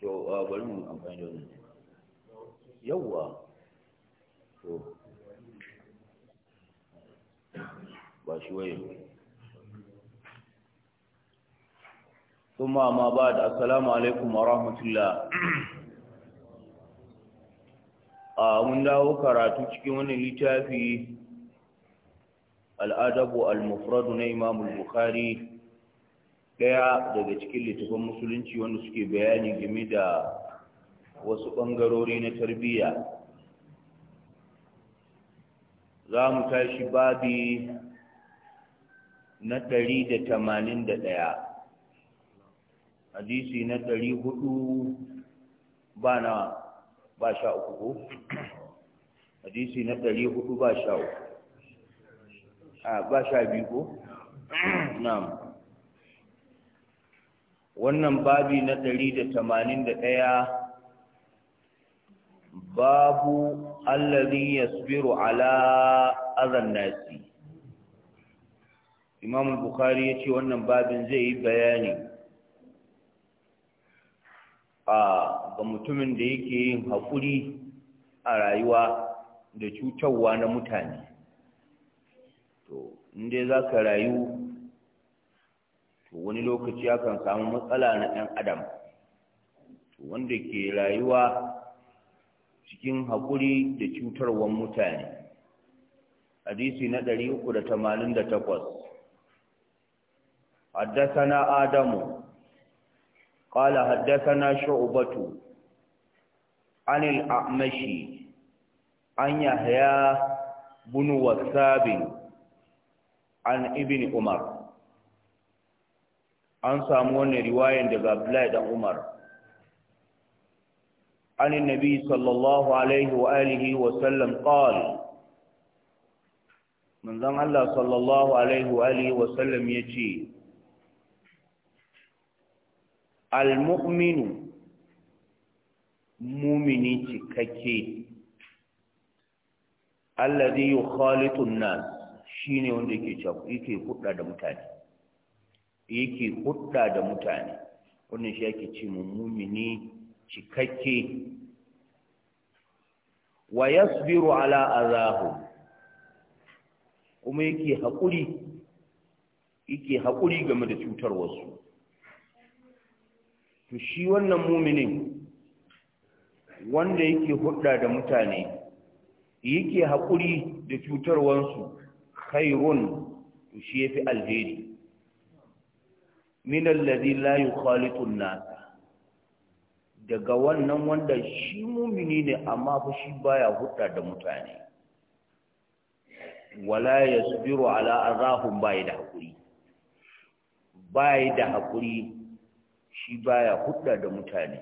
to bari mu amfani da wannan yawwa to ba shi waye a mun dawo karatu cikin wannan littafi al'adabu al-mufradu na Imamul al-bukhari ɗaya daga cikin littafin musulunci wanda suke bayani game da wasu ɓangarori na tarbiyya za mu tashi babi na ɗari da tamanin da ɗaya hadisi na ɗari hudu ba na ba sha uku ko hadisi na ɗari hudu ba sha uku ba sha biyu ko na'am wannan babi na ɗari da tamanin da ɗaya, babu allazi yasbiru ala azan nasi imamu bukhari ya ce wannan babin zai yi bayani a ga mutumin da yake yin haƙuri a rayuwa da cutarwa na mutane to inda za ka rayu wani lokaci akan samu matsala na ɗan adam wanda ke rayuwa cikin haƙuri da cutarwar mutane hadisi na ɗari uku da tamanin da takwas na adamu ƙala na sha'ubatu anil a'mashi an yahya bunu wasabin an ibin umar an samu wannan riwayan daga Abdullahi dan Umar an nabi sallallahu alaihi wa alihi wa sallam qala manzon Allah sallallahu alaihi wa alihi wa sallam yace al mu'minu mu'mini cikakke alladhi yukhalitu an shi ne wanda yake kuɗa da mutane yake hudda da mutane wannan shi yake ce mummuni cikakke wa yasbiru ala azahu kuma yake haƙuri yake haƙuri game da cutar wasu to shi wannan muminin wanda yake hudda da mutane yake haƙuri da cutarwansu khairun to shi yafi alheri min allazi la yukhalitu an-nas daga wannan wanda shi mumini ne amma fa shi baya hudda da mutane wala yasbiru ala azahum bai da hakuri da hakuri shi baya hudda da mutane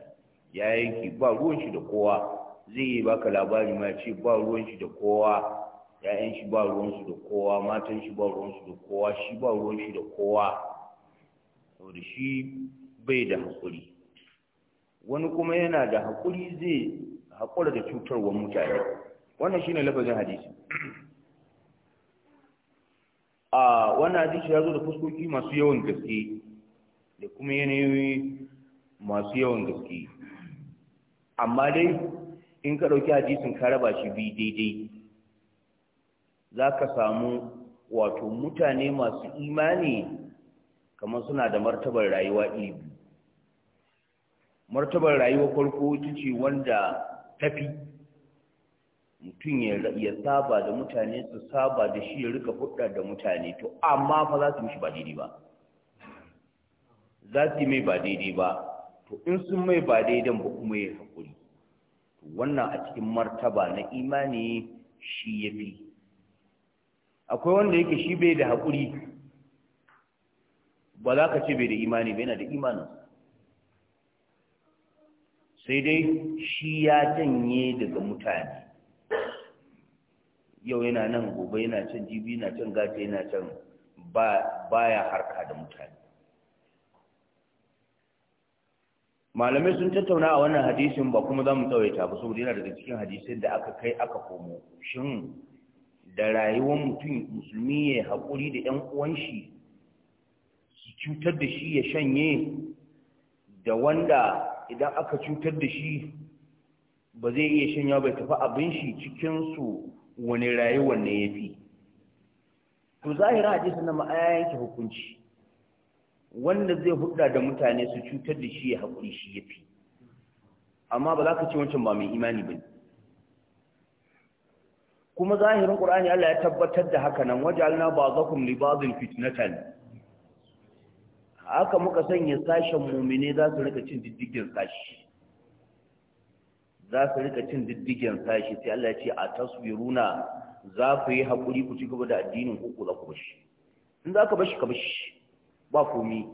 ya yanki ba ruwan shi da kowa zai yi baka labari ma ce ba ruwan shi da kowa ya'yan shi ba ruwan su da kowa matan shi ba ruwan su da kowa shi ba ruwan shi da kowa saboda shi bai da haƙuri wani kuma yana da haƙuri zai haƙura da cutarwar mutane wannan shine lafazin hadisi a wannan hadisi ya zo da fuskoki masu yawan gaske da kuma yanayi masu yawan gaske amma dai in ka ɗauki hadisin ka raba shi bi daidai za ka samu wato mutane masu imani kamar suna da martabar rayuwa iri martabar rayuwa farko ita ce wanda tafi mutum ya saba da mutane su saba da shi ya rika hudda da mutane to amma fa za su mishi ba daidai ba za su yi mai ba daidai ba to in sun mai ba daidan ba kuma ya haƙuri wannan a cikin martaba na imani shi ya fi akwai wanda yake shi bai da haƙuri ba za ka ce bai da imani bai yana da imanin sai dai shi ya janye daga mutane yau yana nan gobe yana can jibi yana can gata yana can baya harka da mutane malamai sun tattauna a wannan hadisin ba kuma za mu tsawaita ba saboda yana daga cikin hadisin da aka kai aka komo shin da rayuwar mutum musulmi ya haƙuri da 'yan uwanshi cutar da shi ya shanye da wanda idan aka cutar da shi ba zai iya shanya bai tafi abin shi cikinsu wani rayuwar ne ya fi to zahira hadisi na ma'aya yanke hukunci wanda zai hudda da mutane su cutar da shi ya haƙuri shi ya fi amma ba za ka ce wancan ba mai imani ba kuma zahirin ƙur'ani Allah ya tabbatar da haka nan waje alna ba zakon libazin fitnatan haka muka sanya sashen mummine za su rika cin diddigin sashi za su rika cin diddigin sashi sai Allah ya ce a taswiruna za ku yi haƙuri ku ci gaba da addinin ku za ku bashi in za ka bashi ka bashi ba komi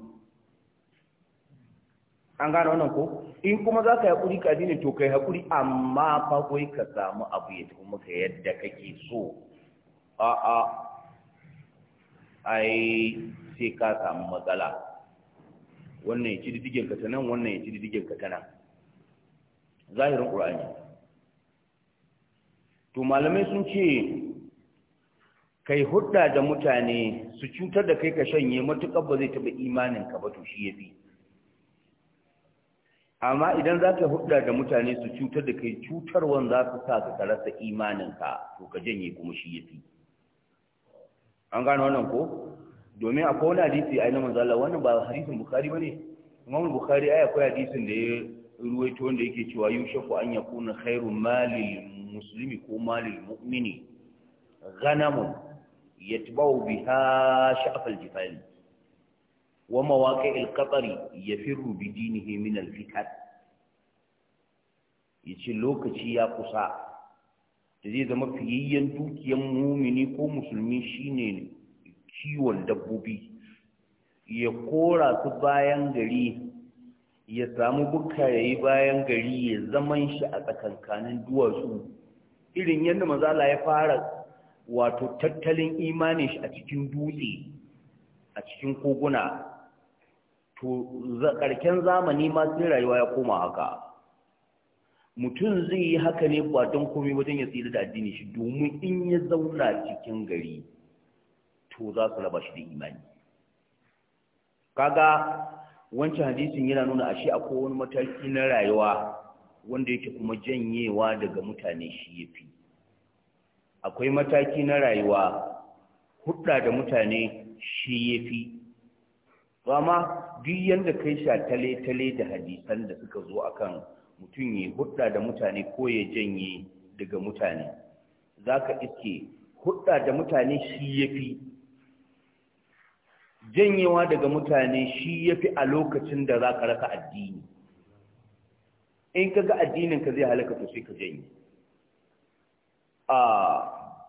an gane wannan ko in kuma za ka yi haƙuri ka addinin to ka yi haƙuri amma fa kai ka samu abu ya tafi maka yadda kake so a'a ai sai ka samu matsala wannan ya ci diddigen ka ta nan wannan ya ci diddigen ka ta nan zahirin qur'ani to malamai sun ce kai hudda da mutane su cutar da kai ka shanye matukar ba zai taba imanin ka ba to shi yafi amma idan za ka hudda da mutane su cutar da kai cutarwan za ka sa ka karasa imaninka to ka janye kuma shi yafi an gano wannan ko domin akwai wani hadisi a na manzala wannan ba hadisin bukari ba ne imam bukari ya akwai hadisin da ya ruwaito wanda yake cewa shafu, an kuna, khairun malil musulmi ko malil mu'mini ghanamun yatba'u biha sha'afal jifal wa mawaqi'il ya fi rubi dinihi min al Ya ce lokaci ya kusa da zai zama fiyayyen dukiyan mumini ko musulmi shine ne kiwon dabbobi ya kora su bayan gari ya samu buka ya yi bayan gari ya zaman shi a tsakankanin duwatsu irin yadda mazala ya fara wato tattalin imanin shi a cikin dutse a cikin koguna to karken zamani ma sun rayuwa ya koma haka mutum zai yi haka ne ba don komi wajen ya tsira da addini shi domin in ya zauna cikin gari to za su raba shi da imani kaga wancan hadisin yana nuna ashe akwai wani mataki na rayuwa wanda yake kuma janyewa daga mutane shi yafi akwai mataki na rayuwa hudda da mutane shi yafi fi. amma duk yanda kai sha tale tale da hadisan da suka zo akan mutum ya hudda da mutane ko ya janye daga mutane zaka iske hudda da mutane shi yafi janyewa daga mutane shi ya fi a lokacin da za ka raka addini in ka ga addininka zai halaka to sai ka janye a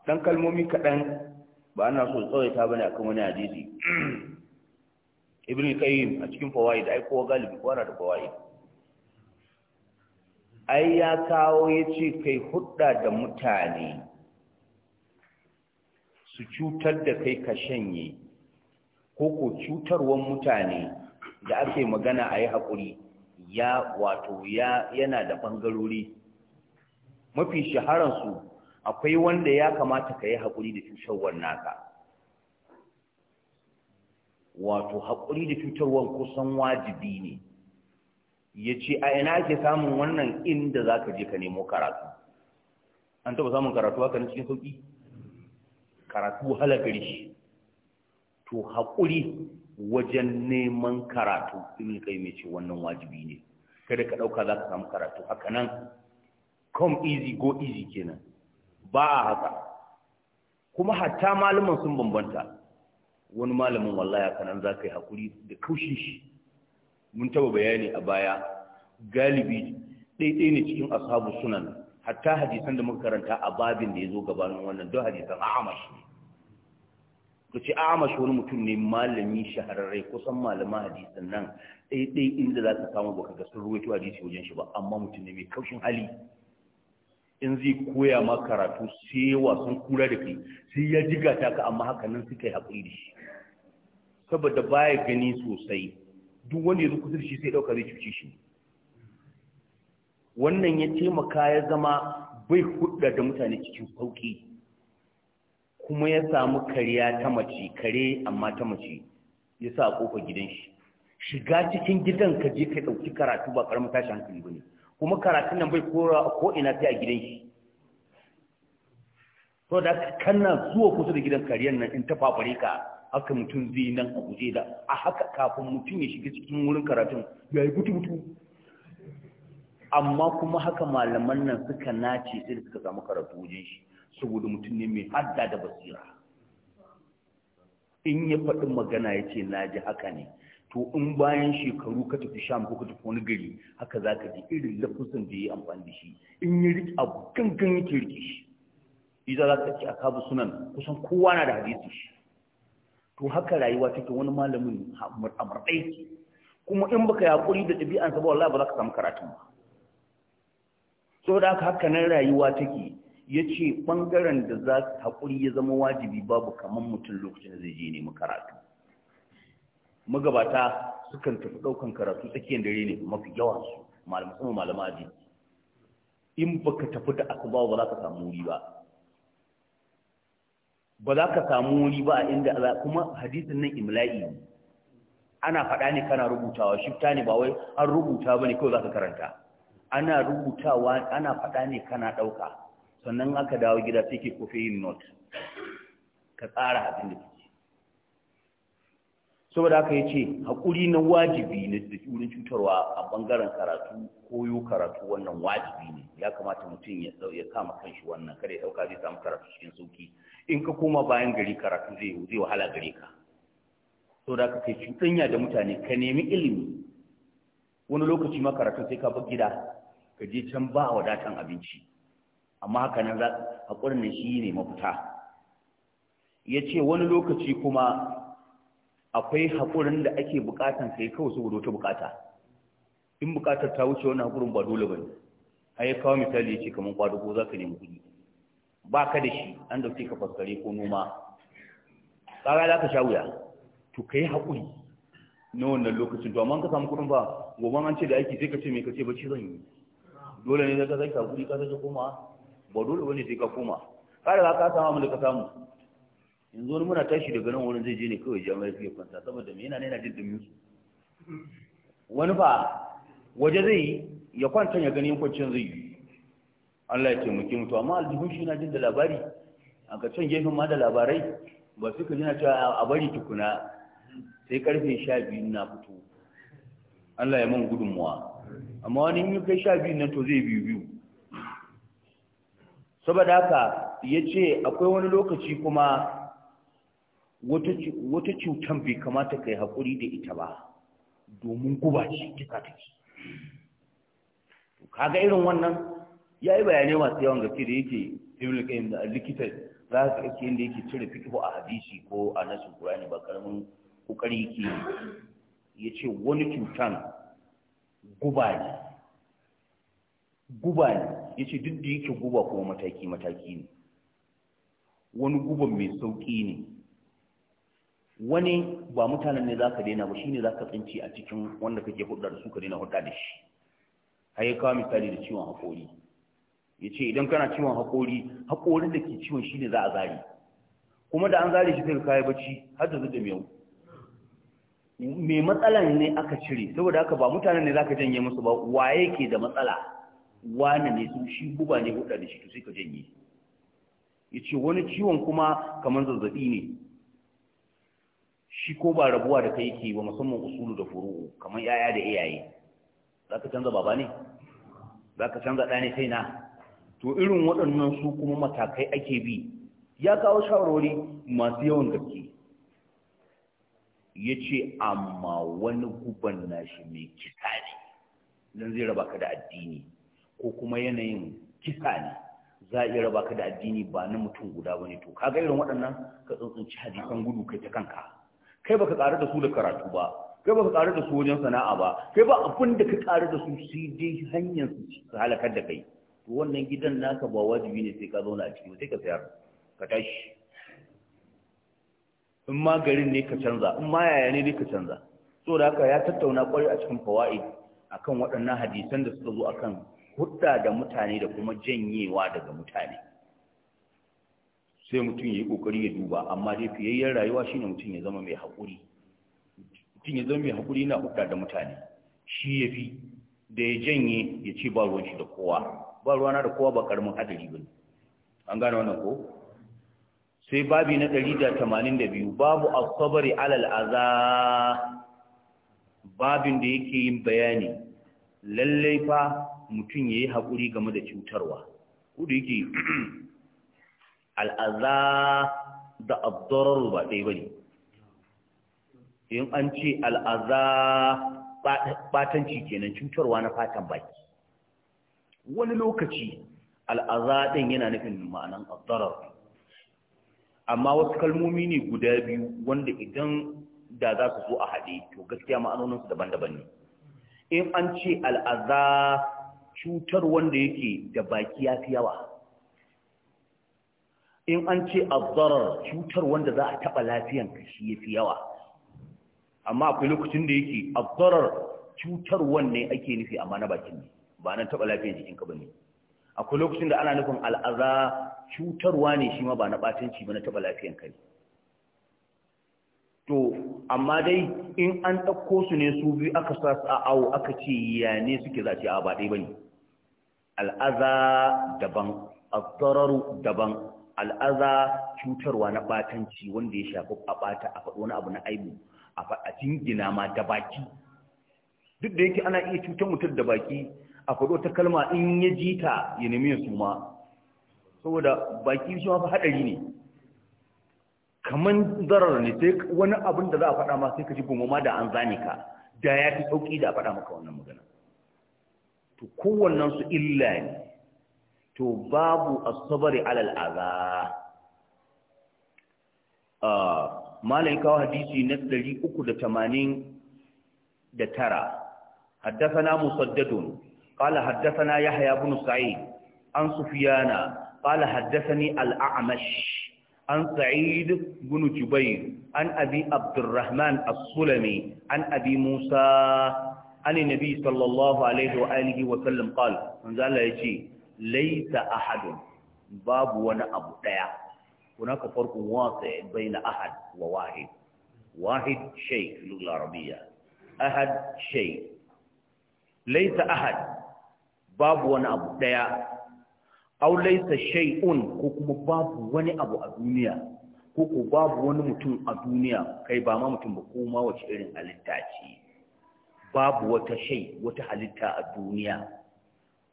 ɗan kalmomi kaɗan ba ana so tsawaita ba ne akan wani hadisi ibn qayyim a cikin fawaid ai kowa galibi kowa na da fawaid ai ya kawo ya ce kai hudda da mutane su cutar da kai ka shanye ko ko cutarwan mutane da ake magana a yi haƙuri ya wato ya yana da ɓangarori mafi shaharansu akwai wanda ya kamata ka yi haƙuri da cutarwar naka wato haƙuri da cutarwar kusan wajibi ne ya ce a ina ake samun wannan inda za ka je ka nemo karatu an taɓa samun karatu haka na cikin sauƙi karatu halagari shi to hakuri wajen neman karatu ibn kai mai ce wannan wajibi ne kada ka ɗauka za ka samu karatu haka nan come easy go easy kenan ba a haka kuma hatta malaman sun bambanta wani malamin haka nan za ka yi hakuri da kaushin shi mun taba bayani a baya galibi ɗaiɗai ne cikin ashabu sunan hatta hadisan da muka karanta a babin da ya zo gabanin wannan don hadisan amashi ku ci amash wani mutum ne malami shahararre kusan malaman hadisin nan ɗaiɗai inda za ka samu baka ga sun ruwaito hadisi wajen shi ba amma mutum ne mai kaushin hali in zai koya ma karatu sai wasan kura da kai sai ya jiga ta ka amma haka nan suka yi haƙuri da shi saboda baya gani sosai duk wanda ya zo kusa da shi sai ɗauka zai cuce shi wannan ya taimaka ya zama bai hudda da mutane cikin sauƙi kuma ya samu kariya ta mace kare amma ta mace ya sa a gidan shi shiga cikin gidan ka je ka ɗauki karatu ba ƙaramin tashi hankali ba ne kuma karatun nan bai kora ko ina sai a gidan shi to da kana zuwa kusa da gidan kariyar nan in ta fafare ka haka mutum zai nan a guje da a haka kafin mutum ya shiga cikin wurin karatun ya yi gutu gutu amma kuma haka malaman nan suka nace sai da suka samu karatu wajen shi saboda mutum ne mai hadda da basira in ya faɗi magana ya ce na ji haka ne to in bayan shekaru ka tafi sham ko ka tafi wani gari haka za ka ji irin lafusan da ya yi amfani da shi in yi riƙe abu gangan yake riƙe shi idan za ka ci a kabu sunan kusan kowa na da hadisi shi to haka rayuwa take wani malamin aiki. kuma in baka yaƙuri da ɗabi'ansa ba wallahi ba za ka samu karatun ba saboda haka haka nan rayuwa take ya ce ɓangaren da za haƙuri ya zama wajibi babu kamar mutum lokacin da zai je nemi karatu magabata sukan tafi ɗaukan karatu tsakiyar dare ne mafi yawa su malamai sama malama In ba ka tafi da bawa ba za ka samu wuri ba ba za ka samu wuri ba a inda kuma hadisin nan imla'i ne ana faɗa ne kana rubutawa shifta ne ba wai an rubuta ba ne kawai za ka karanta ana rubutawa ana faɗa ne kana ɗauka sannan aka dawo gida sai ke kofe yin not ka tsara abin da kake saboda aka yi ce haƙuri na wajibi ne da wurin cutarwa a ɓangaren karatu koyo karatu wannan wajibi ne ya kamata mutum ya kama kanshi wannan kada ya ɗauka zai samu karatu cikin sauki in ka koma bayan gari karatu zai wahala gare ka da aka kai cuɗanya da mutane ka nemi ilimi wani lokaci ma karatu sai ka bar gida ka je can ba wadatan abinci amma haka nan haƙurin da shi ne mafita ya ce wani lokaci kuma akwai haƙurin da ake buƙatan sai kawai saboda wata buƙata in buƙatar ta wuce wani haƙurin ba dole ba ne a ya kawo misali ya ce kamar ƙwado ko za ka nemi kuɗi ba ka da shi an dauke ka faskare ko noma ƙara za ka sha wuya to ka yi haƙuri na wannan lokacin to amma ka samu kuɗin ba gobe an ce da aiki sai ka ce me ka ce ba ci zan yi dole ne za ka zai haƙuri ka zai koma ba dole bane sai ka koma ka ka samu abin da ka samu yanzu wani muna tashi daga nan wurin zai je ne kawai jami'ai suke kwanta saboda me yana ne na jin dumin su wani ba waje zai yi ya kwanta ya gani kwanciyar zai yi Allah ya taimake mu to amma aljihun shi na jin da labari a ka can gefen ma da labarai ba su ka jina cewa a bari tukuna sai karfe sha biyu na fito Allah ya man gudunmuwa amma wani in kai sha biyu nan to zai biyu biyu saboda haka ya ce akwai wani lokaci kuma wata cutan bai kamata ka yi haƙuri da ita ba domin guba ce kisa take kaga irin wannan ya yi bayanai masu yawan gaske da yake ibn qayyim da likita za ka ake inda yake cire fiqh a hadisi ko a nasu qur'ani ba karamin kokari yake yace wani cutan guba ne guba ne yace duk da yake guba kuma mataki mataki ne wani guba mai sauƙi ne wani ba mutanen ne zaka daina ba shine zaka tsinci a cikin wanda kake hudda da su ka daina hudda da shi yi kawo misali da ciwon hakori yace idan kana ciwon hakori hakorin da ke ciwon shine za a zari. kuma da an zari shi sai ka kai bacci har da zuwa miyau mai matsalan ne aka cire saboda haka ba mutanen ne zaka janye musu ba waye ke da matsala Wani ne su shi guba ne huɗa da shi to sai ka janye ya ce wani ciwon kuma kamar zazzaɓi ne shi ko ba rabuwa da kai yake ba musamman usulu da furu'u kamar yaya da iyaye za ka canza baba ne za ka canza ɗa sai na to irin waɗannan su kuma matakai ake bi ya kawo shawarwari masu yawan gaske ya ce amma wani guban nashi mai kisa ne zai raba ka da addini ko kuma yanayin kisa ne za a iya raba ka da addini ba na mutum guda ba ne to kaga irin waɗannan ka tsuntsunci hadisan gudu kai ta kanka kai baka ƙara da su da karatu ba kai baka ƙara da su wajen sana'a ba kai ba abin da ka ƙara da su sai dai hanyar su halakar da kai to wannan gidan naka ba wajibi ne sai ka zauna a ciki sai ka sayar ka tashi in ma garin ne ka canza in ma yaya ne ka canza saboda haka ya tattauna kwarai a cikin fawaid akan waɗannan hadisan da suka zo akan hudda da mutane da kuma janyewa daga mutane sai mutum ya yi kokari ya duba amma dai fiyayyen rayuwa shine mutum ya zama mai haƙuri mutum ya zama mai haƙuri na hudda da mutane shi ya fi da ya janye ya ce ba ruwan shi da kowa ba ruwana da kowa ba karamin adali ba an gane wannan ko sai babi na ɗari da da biyu, babu asabari alal aza babin da yake yin bayani lallai fa mutum ya yi haƙuri game da cutarwa da yake al'aza da abdararu ba ɗaya ba ne in an ce al'aza ɓatanci kenan cutarwa na fatan baki wani lokaci al'aza ɗin yana nufin ma'anan abdararu amma wasu kalmomi ne guda biyu wanda idan da za su zo a haɗe to gaskiya ma'anoninsu daban-daban ne in an ce al'aza cutar wanda yake da baki ya fi yawa in an ce azzarar cutar wanda za a taɓa lafiyan ka shi ya fi yawa amma akwai lokacin da yake azzarar cutar wanne ake nufi amma na bakin ne ba na taɓa lafiyan jikinka ba ne akwai lokacin da ana nufin al'aza cutarwa ne shi ma ba na ɓatanci ba na taɓa lafiyan kai to amma dai in an ɗauko su ne su biyu aka sa su a awo aka ce ya ne suke za a ba dai ba ne al'aza daban al daban al'aza cutarwa na batanci wanda ya shafi a bata a faɗo wani abu na aibu a gina ma da baki duk da yake ana iya cutar mutum da baki a faɗo ta kalma in ya ji ta ya nemi ya suma saboda baki shi mafi haɗari ne Kamar zarar ne sai wani abin da za a faɗa ma sai ka ji gumama da an zane ka da ya fi sauƙi da a faɗa maka wannan magana to kowannan su illa to babu asabari alal aza ah, malai hadisi na 389 haddasana musaddadun kala haddasana ya haya bin sa'id sufiyana kala haddasani al'amash an sa'id an abi abdurrahman as an abi musa ani nabi sallallahu alaihi wa alihi wa sallam qala manzo Allah yace laysa ahadun babu wani abu daya kunaka farqun wasa baina ahad wa wahid wahid shay ahad shay laysa ahad babu wani abu daya aw laysa shay'un ko kuma babu wani abu a duniya ko ko babu wani mutum a duniya kai ba ma mutum ba kuma wace irin halitta babu wata shai wata halitta a duniya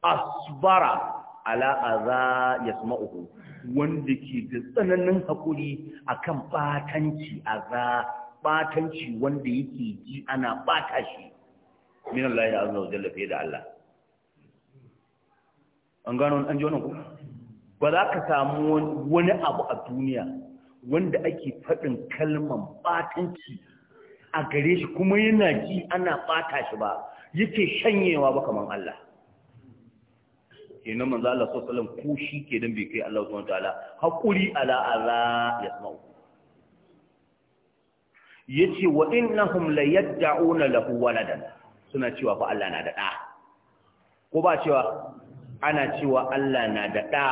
asbara ala aza yasma'uhu wanda ke da tsananin hakuri akan batanci aza batanci wanda yake ji ana bata shi min Allah ya azza wa jalla da Allah an gano an ji wannan ku ba za ka samu wani abu a duniya wanda ake faɗin kalman batanci a gare shi kuma yana ji ana bata shi ba yake shanyewa ba kamar Allah kenan manzo Allah sallallahu alaihi wasallam ko shi dan bai kai Allah subhanahu wataala hakuri ala ala yasma'u yace wa innahum la yad'una lahu waladan suna cewa fa Allah na da da ko ba cewa ana cewa Allah na da da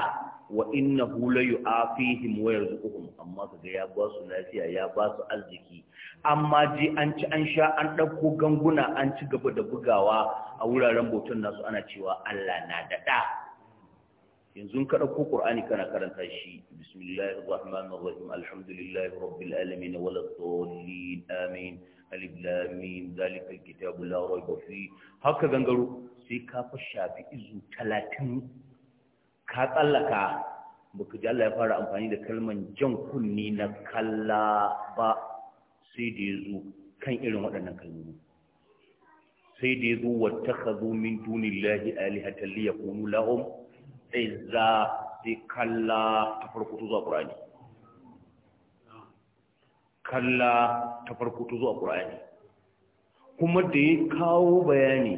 wa innahu la yu'afihim wa yarzuquhum amma ga ya ba su lafiya ya ba su arziki amma je an ci an sha an ɗauko ganguna an ci gaba da bugawa a wuraren bautan nasu ana cewa Allah na daɗa yanzu ka ɗauko ƙur'ani kana karanta shi bismillahir rahmanir rahim alhamdulillahi rabbil alamin wal amin alif lam mim zalika alkitabu la rayba haka gangaro sai ka fa shafi izu talatin, ka tsallaka baka ji Allah ya fara amfani da kalman jan kunni na kalla ba sai da ya zo kan irin waɗannan kalmomi sai da ya zo wata kazo min duni lahi hatalli ya kunu sai za sai kalla ta farko zuwa ƙur'ani kalla ta farko zuwa ƙur'ani kuma da ya kawo bayani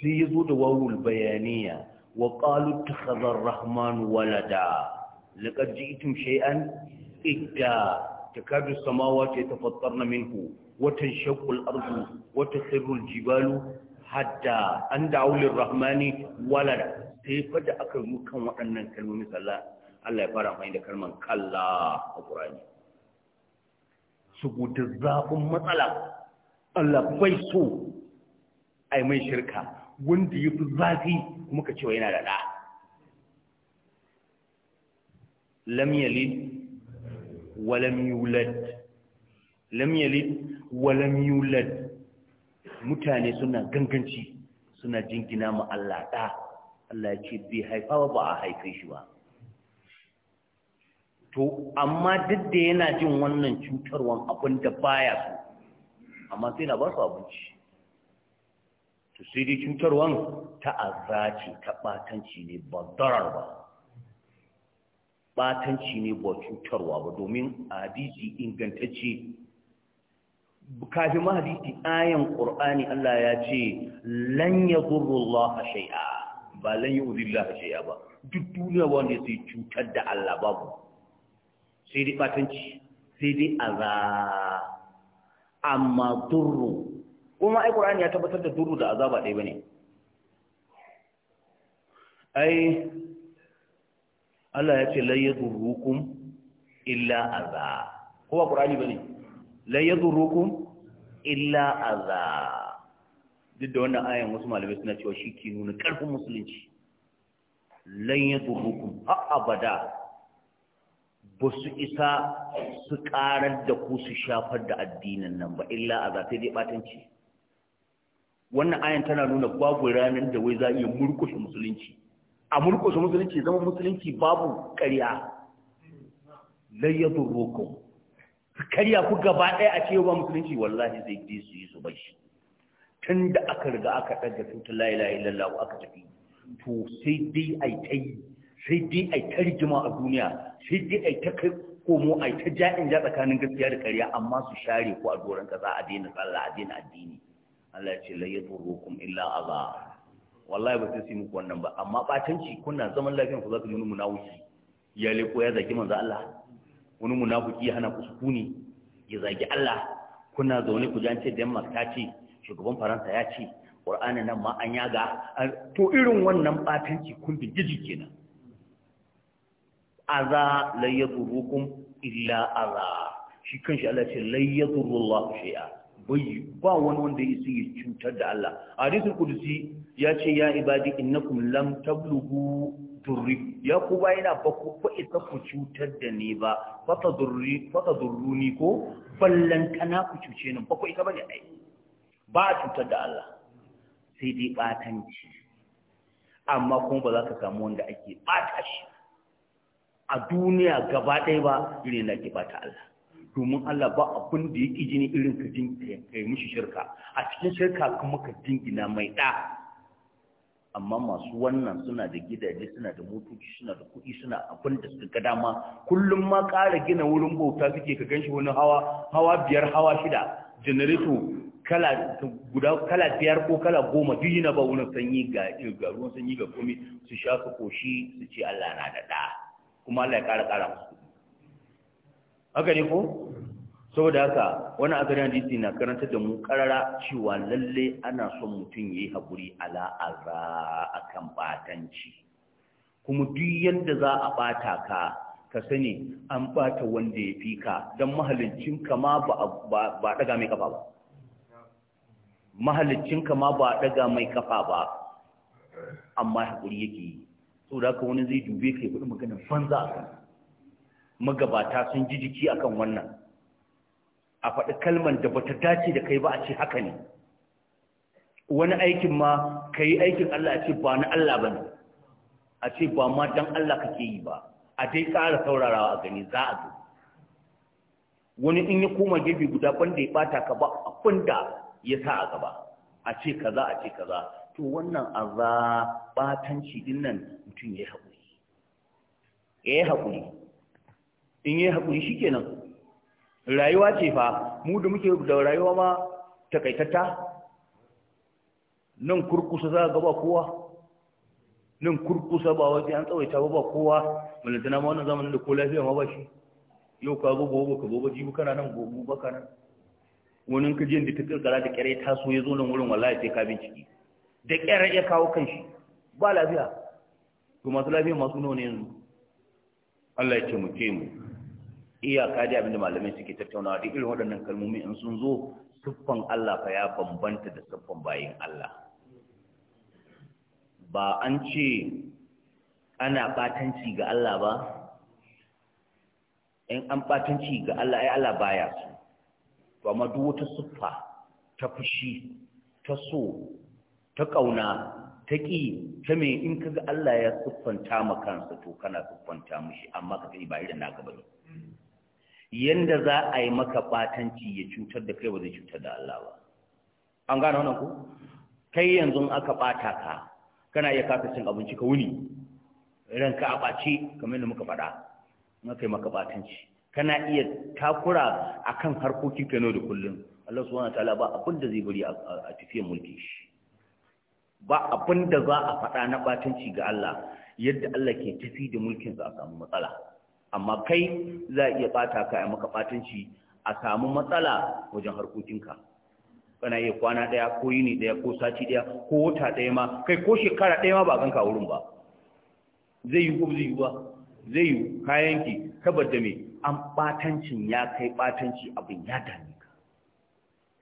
sai ya zo da wawul bayaniya wa ƙalu ta kazar rahmanu walada laƙar ji itin shai'an idda تكاد السماوات يتفطرن منه وتنشق الأرض وتخر الجبال حتى watan al-jibalu ولد an da'u مكان rahmani walada مثل الله da aka yi kan waɗannan kalmomi sallah Allah ya fara amfani da kalmar kalla a Qur'ani saboda zafin matsala Allah bai so yi mai shirka wanda ya fi zafi kuma ka cewa yana da ɗa walam yulad lam mutane suna ganganci suna jingina ma Allah da Allah ya ce bai haifa ba a haife shi ba to amma duk da yana jin wannan cutarwan abin da baya so amma sai na ba su abinci to sai dai cutarwan ta'azza ce ta batanci ne ba darar ba batanci ne ba cutarwa ba domin a hadisi ingantacce kafin ma hadisi ayan ƙur'ani Allah ya ce lan ya zurrullaha shay'a ba lan yu'dillaha shay'a ba duk duniya wanda sai cutar da Allah babu sai dai batanci sai dai aza amma durru kuma ai qurani ya tabbatar da durru da azaba ɗaya bane ai Allah ya ce la illa adha ko ba ne. bane la yadurrukum illa za duk da wannan ayan wasu malamai suna cewa shi ke nuna ƙarfin musulunci lan a abada ba su isa su ƙarar da ku su shafar da addinin nan ba illa za sai dai batanci wannan ayan tana nuna babu ranar da wai za a iya murkushe musulunci a murƙusa musulunci zama musulunci babu ƙarya layyadun rokon karya ku gaba ɗaya a cewa musulunci wallahi zai je su yi su bai shi tun da aka riga aka ɗaga tutun layi-layi lallawa aka tafi to sai dai a ta yi sai dai a ta rigima a duniya sai dai a ta kai komo a ta ja'in ja tsakanin gaskiya da karya amma su share ku a doron kaza a daina sallah a daina addini Allah ya ce la yadurrukum illa Allah wallahi ba sai su yi muku wannan ba amma batanci kuna zaman lafiyan ku za ku nuna munafiki ya leko ya zaki manzo Allah wani munafiki ya hana ku sukuni ya zagi Allah kuna zaune ku jance Denmark ta ce shugaban Faransa ya ce Qur'ani nan ma an yaga to irin wannan batanci kun jiji kenan aza la yadurukum illa aza shi kanshi Allah ce la yadurullahu shay'a bai ba wani wanda ya yi cutar da Allah hadisul qudsi ya ce ya ibadi innakum lam tablughu durri ya ku ba yana ba ku ba isa ku cutar da ni ba fata durri fata durruni ko ku cuce ni ba ku isa bane ai ba cutar da Allah sai dai batanci amma kuma ba za ka samu wanda ake bata shi a duniya gaba ɗaya ba irin da ke bata Allah domin Allah ba abin da ya ƙi jini irin ka kai mushi shirka a cikin shirka kuma ka jingina mai ɗa amma masu wannan suna da gidaje suna da motoci suna da kuɗi suna abin da suka dama kullum ma ƙara gina wurin bauta suke ka ganshi wani hawa hawa biyar hawa shida janareto kala guda kala biyar ko kala goma duk yana ba wani sanyi ga ga ruwan sanyi ga komai su sha su koshi su ce Allah na da da kuma Allah ya ƙara ƙara musu haka ne ko saboda haka wani azarin hadisi na karanta da mu karara cewa lalle ana son mutum ya yi haƙuri ala azra a kan ɓatanci kuma duk yadda za a ɓata ka ka sani an ɓata wanda ya fi ka don mahalicinka ma ba a ɗaga mai kafa ba mahalicinka ma ba a ɗaga mai kafa ba amma haƙuri yake yi saboda haka wani zai dube kai kudin faɗi maganar banza a kan magabata sun ji jiki akan wannan a faɗi kalman da bata dace da kai ba a ce haka ne wani aikin ma ka yi aikin Allah a ce ba na Allah ba ne a ce ba ma don Allah kake yi ba a dai ƙara saurarawa a gani za a zo wani in ya koma gefe guda banda ya ɓata ka ba a kunda ya sa a gaba a ce kaza a ce kaza to wannan a za ɓatanci nan mutum ya yi haƙuri ya yi haƙuri in yi haƙuri shi kenan rayuwa ce fa mu da muke da rayuwa ma takaitatta nan kurkusa za ga ba kowa nan kurkusa ba waje an tsawaita ba ba kowa malantana ma wannan zamanin da ko lafiya ma ba shi yau ka zo gobe ka gobe jibi kana nan gobe ba kana nan wani ka je da ta kirkara da kyarai ta so ya zo nan wurin wallahi sai ka bincike da kyarai ya kawo kanshi ba lafiya to masu lafiya masu nawa ne yanzu Allah ya ce mu ke mu iyaka da abinda malamai suke tattaunawa duk irin waɗannan kalmomi in sun zo siffan Allah fa ya bambanta da siffan bayin Allah ba an ce ana batanci ga Allah ba in an batanci ga Allah ai Allah baya su to amma duk wata siffa ta fushi ta so ta kauna ta ƙi ta me in kaga Allah ya siffanta maka kansa to kana siffanta mishi amma ka ba irin naka bane yanda za a yi maka batanci ya cutar da kai ba zai cutar da Allah ba an gane wannan ku kai yanzu aka bata ka kana iya kasa cin abinci ka wuni ranka a ɓace kamar yadda muka faɗa in aka yi maka batanci kana iya takura akan harkokin ka da kullum Allah subhanahu wataala ba abin da zai bari a tafiyar mulki shi ba abin da za a faɗa na batanci ga Allah yadda Allah ke tafi da mulkinsa a samu matsala amma kai za iya bata ka a maka batanci a samu matsala wajen harkokinka kana iya kwana daya ko yini daya ko sati daya ko wata daya ma kai ko shekara daya ma ba ganka a wurin ba zai yi ko zai yi ba zai yi kayanki saboda me an batancin ya kai batanci abin ya dame ka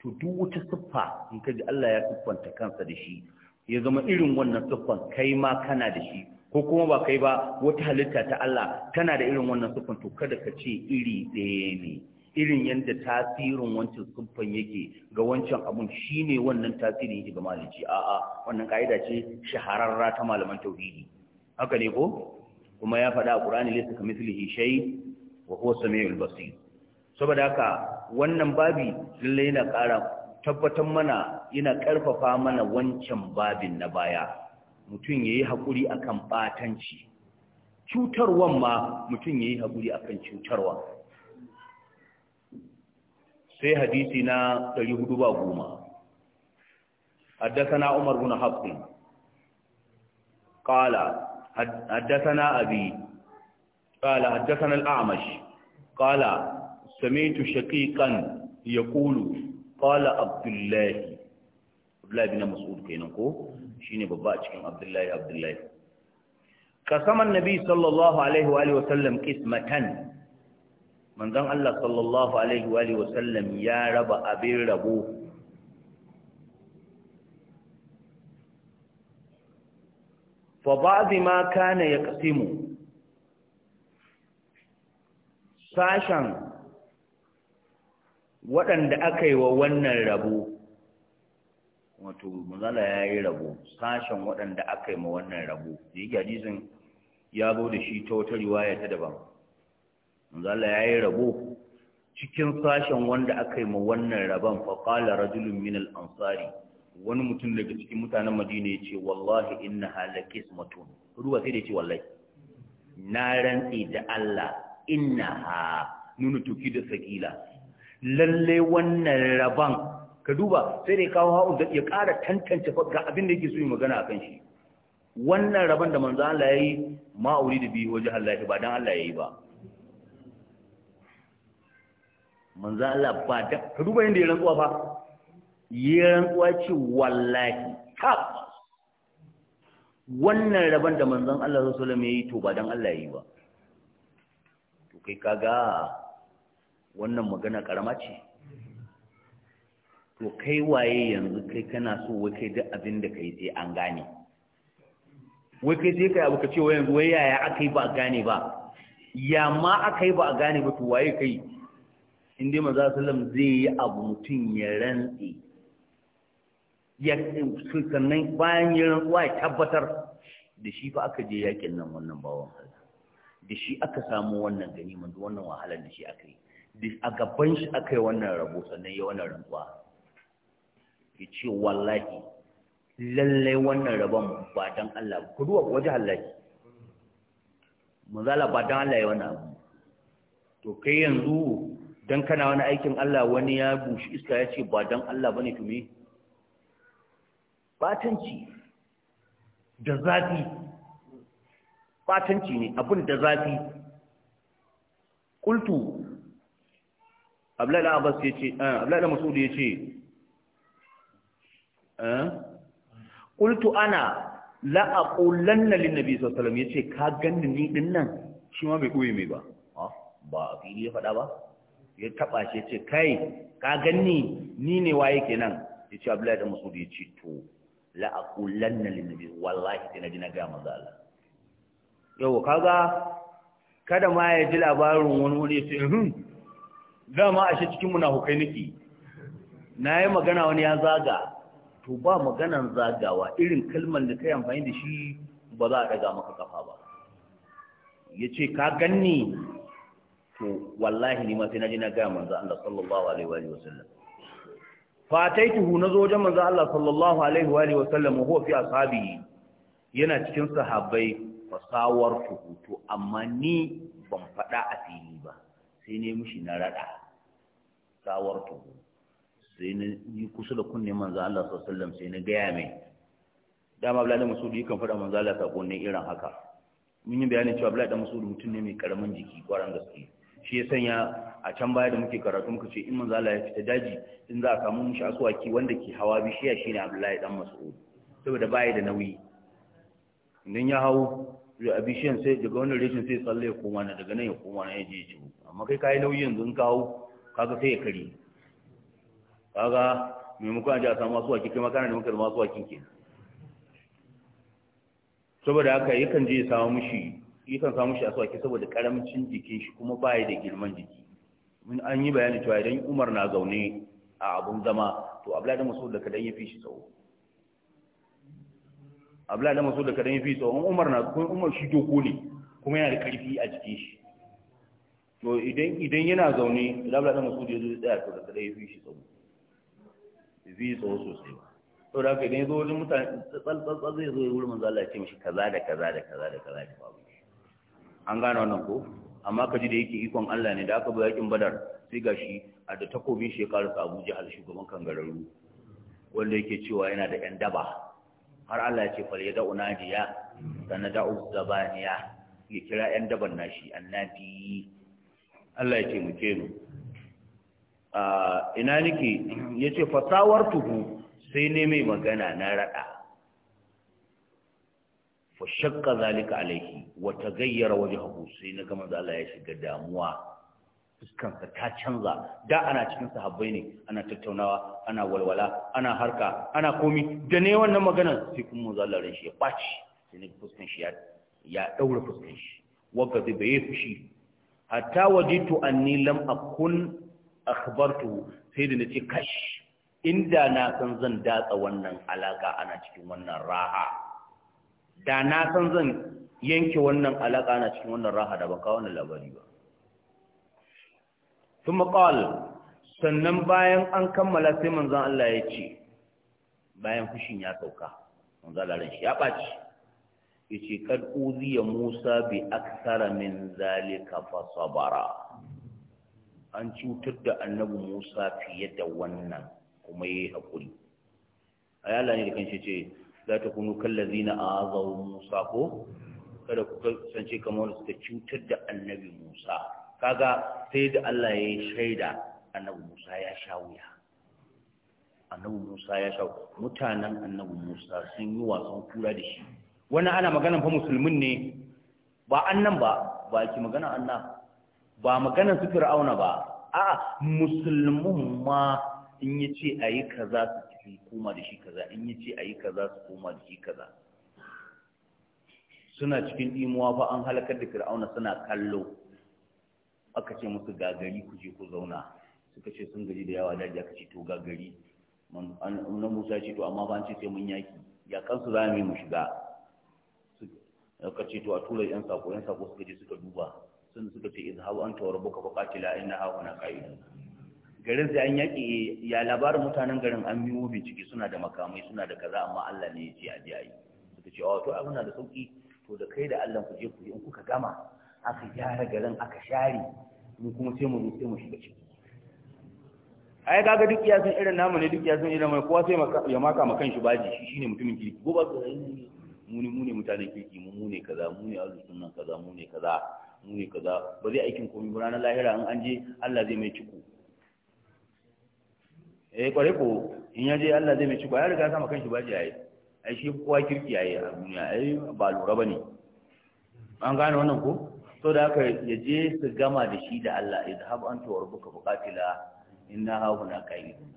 to duk wata siffa in ka ji Allah ya siffanta kansa da shi ya zama irin wannan siffan kai ma kana da shi ko kuma ba kai ba wata halitta ta Allah tana da irin wannan sufan to kada ka ce iri ɗaya ne irin yadda tasirin wancan sufan yake ga wancan abun shine wannan tasirin yake ga malici a'a wannan ka'ida ce shahararra ta malaman tauhidi haka ne ko kuma ya faɗa a Qur'ani laysa kamithlihi shay wa huwa samiul basir saboda haka wannan babi lallai yana ƙara tabbatar mana yana ƙarfafa mana wancan babin na baya mutum ya yi haƙuri akan ɓatanci cutarwan ma mutum ya yi haƙuri akan kan cutarwa sai hadisi na 410 haddasana umar guna haƙun ƙala haddasana abi ƙala haddasana al’amash ƙala samaitu shaƙiƙan ya ƙulu ƙala abdullahi abdullahi bin mas'ud kenan ko shine babba a cikin abdullahi abdullahi saman nabi sallallahu alaihi wa alihi wasallam qismatan manzon Allah sallallahu alaihi wa alihi wasallam ya raba abin rabo fa ba'd ma kana yaqsimu sashan waɗanda aka yi wa wannan rabo wato manzala ya yi rabo sashen waɗanda aka yi ma wannan rabo da yake hadisin ya zo da shi ta wata riwaya ta daban manzala ya yi rabo cikin sashen wanda aka yi ma wannan rabon faƙala rajulun min al'ansari wani mutum daga cikin mutanen madina ya ce wallahi inna halakis mato ruwa sai da ya ce wallahi na rantsi da Allah inna ha nuna tuki da sakila Lallai wannan rabon ka duba sai da ya kawo ha'un da ya ƙara tantance ga abin da yake so yi magana a kan shi wannan rabon da manzo Allah ya yi ma'auri da biyu waje Allah ba dan Allah ya yi ba manzo Allah ba da ka duba yadda ya rantsuwa fa ya rantsuwa ce wallahi tabbas wannan rabon da manzon Allah sallallahu alaihi wasallam ya yi to ba dan Allah ya yi ba to kai kaga wannan magana karama ce to kai waye yanzu kai kana so wai kai duk abin da kai sai an gane wai kai sai kai abu ka ce wai yanzu wai yaya aka yi ba a gane ba ya ma aka yi ba a gane ba to waye kai in dai maza sallam zai yi abu mutum ya rantse ya sannan bayan ya rantsuwa ya tabbatar da shi fa aka je yakin nan wannan bawan Allah da shi aka samu wannan gani manzo wannan wahalar da shi aka yi a gaban shi aka yi wannan rabo sannan ya wannan rantsuwa ya ce wallahi lallai wannan rabon ba don Allah ku duwa waje hallaki mazala ba don Allah ya wani abu to kai yanzu don kana wani aikin Allah wani ya bushi iska ya ce ba don Allah bane to me batanci da zafi batanci ne abin da zafi kultu abdullahi abbas ya eh, abdullahi ya ce Eh? qultu ana la na lin nabi ya ce ka ganni ni din nan shi ma bai ɓoye mai ba ah, ba a fili ya faɗa ba ya taɓa shi ce kai ka ganni ni ne waye ce abu abdullahi da ya ce to la aqulanna lin wallahi sai na ji na gaya maza Allah yau kaga kada ma ya ji labarin wani wani ya ce hmm, dama a shi cikin munafukai nake na yi magana wani ya zaga to ba maganan zagawa irin kalmar da kai amfani da shi ba za a daga maka kafa ba ya ce ka ganni to wallahi ni ma sai na na gaya manzo Allah sallallahu alaihi wa sallam fataituhu nazo wajen manzo Allah sallallahu alaihi wa sallam huwa fi ashabi yana cikin sahabbai fasawar to amma ni ban faɗa a fili ba sai ne mushi na raɗa sawar tuhu sai na yi kusa da kunne manzo Allah sallallahu alaihi wasallam sai na gaya mai dama Abdullahi Masudi yakan faɗa manzo Allah sakonnin irin haka mun yi bayanin cewa Abdullahi Mas'udu mutum ne mai karamin jiki kwaran gaske shi ya sanya a can baya da muke karatu muka ce in manzo Allah ya fita daji in za a samu mishi asuwaki wanda ke hawa bishiya shine Abdullahi dan Mas'ud saboda baya da nauyi idan ya hawo a bishiyan sai daga wannan rashin sai tsalle ya koma na daga nan ya koma na ya je ya amma kai kai nauyi yanzu in kaga sai ya kare kaga maimakon aji a samu masu waki kai makana ne muka da masu wakin ke saboda haka yakan je ya samu mushi yakan samu shi a sauki saboda karamcin jikin shi kuma ba da girman jiki min an yi bayani cewa idan umar na zaune a abun zama to abla da masu da kadan ya fi shi tsawo abla da masu da kadan ya fi tsawo umar na kuma umar shi doko ne kuma yana da karfi a jikin shi to idan idan yana zaune abla da masu da ya zo da tsaya to da kadan ya fi shi tsawo zai yi tsawo sosai ba to da haka idan ya zo wajen mutane tsaltsaltsal zai zo wurin manzo Allah ya ce mishi kaza da kaza da kaza da kaza da babu an gane wannan ko amma kaji da yake ikon Allah ne da aka bi kin badar sai gashi a da takobin shi ya karasa Abu Jahal shugaban kangararru wanda yake cewa yana da yan daba har Allah ya ce fal najiya sanna da'u zabaniya ya kira yan daban nashi annabi Allah ya ce mu ke mu ina nake yace fasawar tuhu sai ne mai magana na rada fa shakka zalika alaihi wa tagayyara wajhuhu sai na ga manzo Allah ya shiga damuwa sa ta canza da ana cikin sahabbai ne ana tattaunawa ana walwala ana harka ana komi da ne wannan magana sai kuma manzo Allah shi ya baci sai ne fuskan shi ya daura fuskan shi waka zai bai fushi hatta wajitu anni lam akun akhbartu sai da nace kash inda na san zan datsa wannan alaka ana cikin wannan raha da na san zan yanke wannan alaka ana cikin wannan raha da baka wannan labari ba kuma qal sannan bayan an kammala sai manzon Allah ya ce bayan fushin ya sauka manzon Allah shi ya baci yace kad uziya Musa bi aksara min zalika fa sabara an cutar da annabi Musa fiye da wannan kuma yayi hakuri ay Allah ne da kanshi ce za la zina a azaw Musa ko kada ku kasance kamar suka cutar da annabi Musa kaga sai da Allah ya shaida annabi Musa ya sha wuya annabi Musa ya sha mutanen annabi Musa sun yi wasan kura da shi wannan ana maganar fa musulmin ne ba annan ba ba ki magana annan ba maganar su fir'auna ba a'a musulmin ma in ya ce a yi kaza su ci koma da shi kaza in ya ce a yi kaza su koma da shi kaza suna cikin imuwa ba an halakar da fir'auna suna kallo aka ce musu gagari ku je ku zauna suka ce sun gaji da yawa daji aka ce to gagari na musa ce to amma ba ce sai mun yaki ya kansu za mu shiga suka ce to a tura yan sako yan sako suka je suka duba sun suka ce izhabu anta buka rabbuka ina innaha na qa'idun garin sai an yaki ya labarin mutanen garin an yi bincike suna da makamai suna da kaza amma Allah ne ya ce a je yi suka ce wato oh, to abin da sauki to da kai da Allah ku je ku in kuka gama aka gyara garin aka share mu kuma sai mu sai mu shiga ciki ai ga duk ya san irin namu ne duk ya san irin mai kowa sai ya maka makan shi baji shi shine mutumin kirki ko ba su mu ne mu ne mutanen kirki mu mu ne kaza mu ne azu sunan kaza mu ne kaza mu ne kaza ba zai aikin komai ba ranar lahira in an je Allah zai mai ciko eh kware ko in ya je Allah zai mai ciko ya riga sama kanshi ba ji yayi ai shi kowa kirki yayi a duniya ai ba lura bane an gane wannan ko to da haka ya je su gama da shi da Allah idhab anta wa rabbuka buqatila inna hauna qa'imun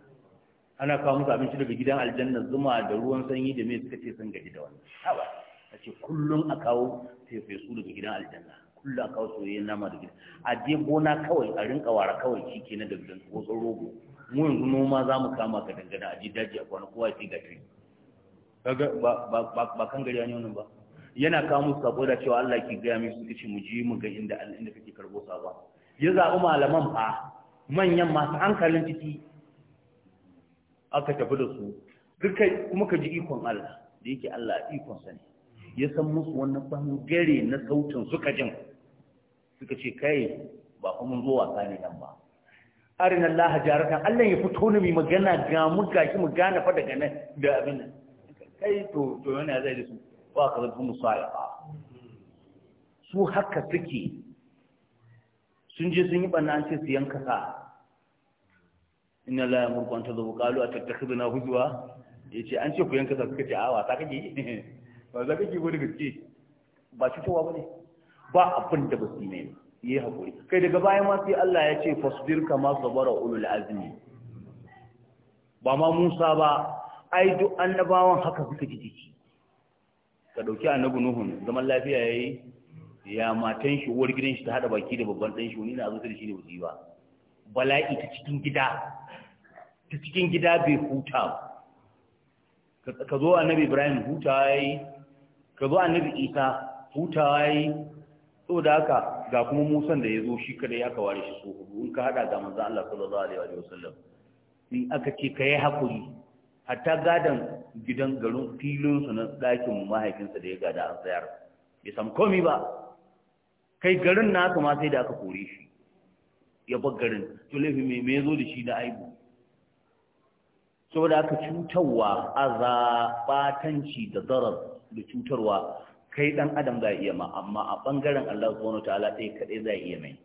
ana kawo musu abinci daga gidan aljanna zuma da ruwan sanyi da mai suka ce sun gaji da wannan haba a ce kullum a kawo fefe daga gidan aljanna kulla kawai soyayyen nama da gida a je gona kawai a rinka wara kawai ke na da gidan kotsin rogo mu yanzu noma za mu kama ka dangana a ji daji a kwana kowa ya ce ga tiri ba kan gari ne wannan ba yana kawo musu sako da cewa Allah ke gaya su kace mu ji mu ga inda inda kake karbo sako ya zaɓi malaman fa manyan masu hankalin ciki aka tafi da su duka kuma ka ji ikon Allah da yake Allah ikon sa ne ya san musu wani bangare na sautin suka jin suka ce kai ba mun zo wasa ne nan ba arin Allah jaratan Allah ya fito ni mu magana ga mu ga ki mu gana fa daga nan da abin kai to to ya zai da su wa ka mu sa'a su haka suke sun je sun yi bana an ce su yanka sa ina la ya murkon zubu qalu atattakhiduna tattakidu na ya ce an ce ku yanka sa suka ce a wasa kake ba za kake wani gaske ba cutowa ba ne ba abin da ba su ne yi haƙuri kai daga baya ma sai Allah ya ce fasbir kama sabara ulul azmi ba ma Musa ba ai duk annabawan haka suka ji jiki ka dauki annabi Nuhu zaman lafiya yayi ya matan shi uwar gidan shi ta hada baki da babban dan shi wani na zuwa da shi ne wuci ba bala'i ta cikin gida ta cikin gida bai huta ka zo annabi ibrahim hutawa yi ka zo annabi isa hutawa yi da haka ga kuma musan da ya zo shi kada ya kawar shi so hudu in ka hada ga manzo Allah sallallahu alaihi wasallam ni aka ce ka yi hakuri hatta gadan gidan garin filin su na ɗakin mahaifinsa da ya gada an tsayar bai samu komai ba kai garin naka ma sai da aka kore shi ya bar garin to laifi me me zo da shi da aibu saboda aka cutarwa aza batanci da zarar da cutarwa kai dan adam za iya ma amma a bangaren Allah subhanahu wataala dai kadai za iya mai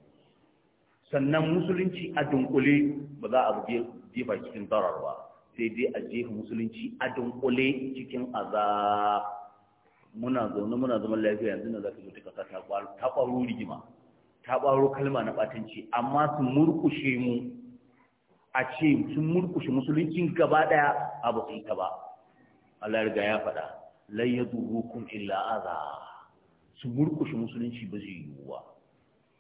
sannan musulunci a dunkule ba za a jefa cikin zarar ba sai dai a jefa musulunci a dunkule cikin azab muna zaune muna zaman lafiya yanzu na za ka zo ta kasa ta ƙwaro rigima ta ɓaro kalma na ɓatanci amma su murkushe mu a ce sun murkushe musulunci gaba ɗaya abu su ta ba Allah riga ya faɗa la hukum illa aza su murkushe musulunci ba zai yiwu ba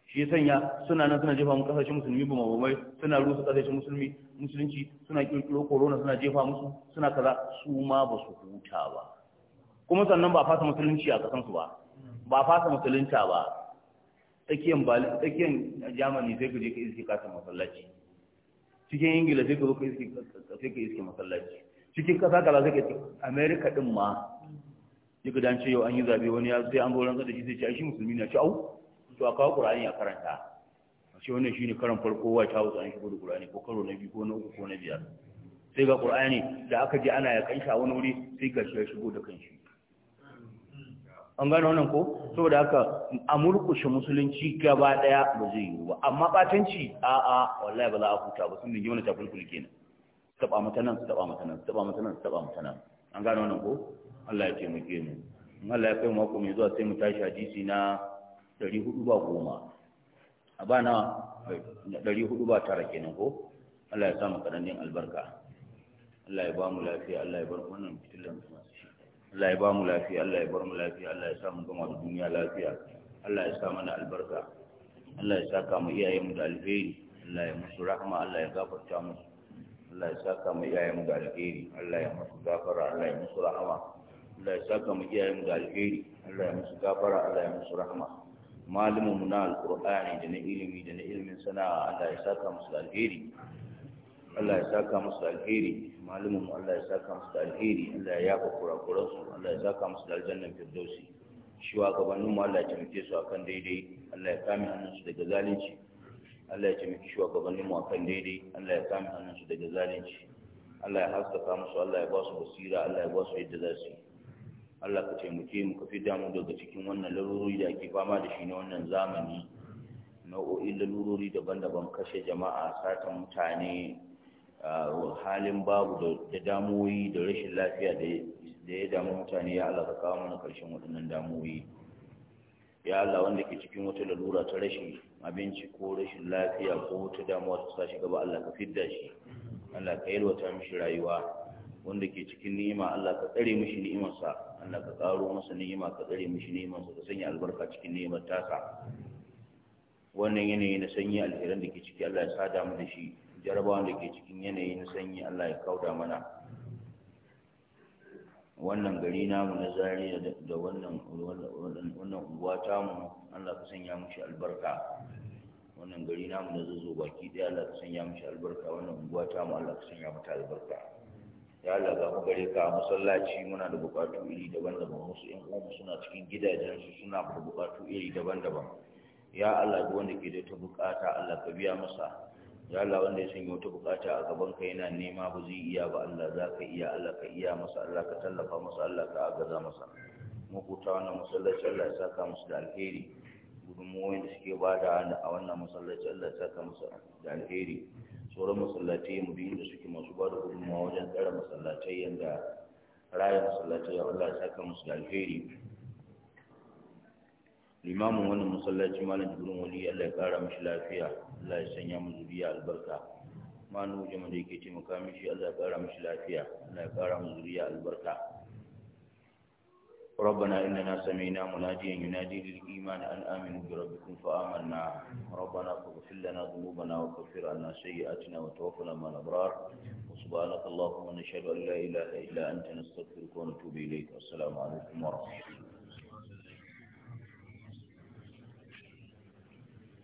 shi ya sanya suna nan suna jefa mu kasashen musulmi ba mabamai suna rusa kasashen musulmi musulunci suna kirkiro corona suna jefa musu suna kaza su ma ba su huta ba kuma sannan ba fasa musulunci a kasansu ba ba fasa musulunta ba tsakiyan tsakiyan jamani sai ka je ka iske kasan masallaci cikin ingila sai ka zo ka iske masallaci cikin ƙasa ga za ka amerika ɗin ma ya gudan ce yau an yi zabe wani ya sai an goron da shi sai ce shi musulmi na ci au to a kawo ƙur'ani a karanta a ce wannan ne karan farko ta house an shigo da ƙur'ani ko karo na biyu ko na uku ko na biyar sai ga ƙur'ani da aka je ana ya kanshi a wani wuri sai ga shi ya shigo da kanshi an gano wannan ko saboda haka a murkushe musulunci gaba daya ba zai yiwu ba amma batanci a'a wallahi ba za a huta ba sun dinge wani takulkul kenan taba mata nan su taba mata nan su taba mata nan su taba mata nan an gano wannan ko Allah ya taimake mu in Allah ya kai mako mai zuwa sai mu tashi hadisi na 400 ba goma a ba na 400 ba tara kenan ko Allah ya samu karannin albarka Allah ya ba mu lafiya Allah ya bar wannan fitilan masu shi Allah ya ba mu lafiya Allah ya bar mu lafiya Allah ya samu gama da duniya lafiya Allah ya sa mana albarka Allah ya saka mu mu da alheri Allah ya musu rahama Allah ya gafarta musu Allah ya saka mu iyayen mu da alheri Allah ya musu gafara Allah ya musu rahama Allah ya saka mu iyayen mu da alheri Allah ya musu gafara Allah ya musu rahama malumin mu na alqur'ani da na ilimi da na ilimin sana'a Allah ya saka musu alheri Allah ya saka musu alheri malumin mu Allah ya saka musu alheri Allah ya yafa kurakuran su Allah ya saka musu shi wa gabanin mu Allah ya taimake su akan daidai Allah ya kame hannun su daga zalunci Allah ya ce miki shugabannin mu akan daidai Allah ya kame hannunsu daga zalunci Allah ya haskaka musu Allah ya ba su basira Allah ya ba su yadda za su yi Allah ka taimake mu ka fidda mu daga cikin wannan larurori da ake fama da shi na wannan zamani nau'o'in larurori daban-daban kashe jama'a satan mutane halin babu da damuwoyi da rashin lafiya da ya damu mutane ya Allah ka kawo mana ƙarshen waɗannan damuwoyi ya Allah wanda ke cikin wata lalura ta rashin abinci ko rashin lafiya ko wata damuwa ta sashi gaba Allah ka fidda shi Allah ka yalwata mishi rayuwa wanda ke cikin ni'ima Allah ka tsare mishi ni'imarsa Allah ka karo masa ni'ima ka tsare mishi ni'imarsa ka sanya albarka cikin ni'imar tasa wannan yanayi na sanyi alheran da ke ciki Allah ya sada mu da shi jarabawan da ke cikin yanayi na sanyi Allah ya kauda mana wannan gari namu na zari da wannan ta mu Allah ka sanya mushi albarka wannan gari namu da zuzo baki ɗaya Allah ka sanya mushi albarka wannan unguwa tamu Allah ka sanya mata albarka ya Allah ga mu gare ka masallaci muna da bukatu iri daban-daban wasu ƴan uwanmu suna cikin gidajensu suna da bukatu iri daban-daban ya Allah duk wanda ke da ta bukata Allah ka biya masa ya Allah wanda ya sanya wata bukata a gaban ka yana nema ba zai iya ba Allah za ka iya Allah ka iya masa Allah ka tallafa masa Allah ka agaza masa ta wannan masallaci Allah ya saka musu da alheri gudunmuwoyin da suke bada a wannan masallaci Allah ya saka musu da alheri sauran masallatai mu biyu da suke masu bada gudunmuwa wajen tsara masallatai yanda masallaci masallatai Allah ya saka musu da alheri limamin wannan masallaci malam jibrin wali Allah ya kara mishi lafiya Allah ya sanya mu zuriya albarka manu jama'a da yake taimaka mishi Allah ya kara mishi lafiya Allah ya kara mu zuriya albarka ربنا إننا سمعنا مناديا ينادي للإيمان أن آمنوا بربكم فآمنا ربنا فاغفر لنا ذنوبنا وكفر عنا سيئاتنا وتوفنا مع الأبرار وسبحانك اللهم نشهد أن لا إله إلا أنت نستغفرك ونتوب إليك والسلام عليكم ورحمة الله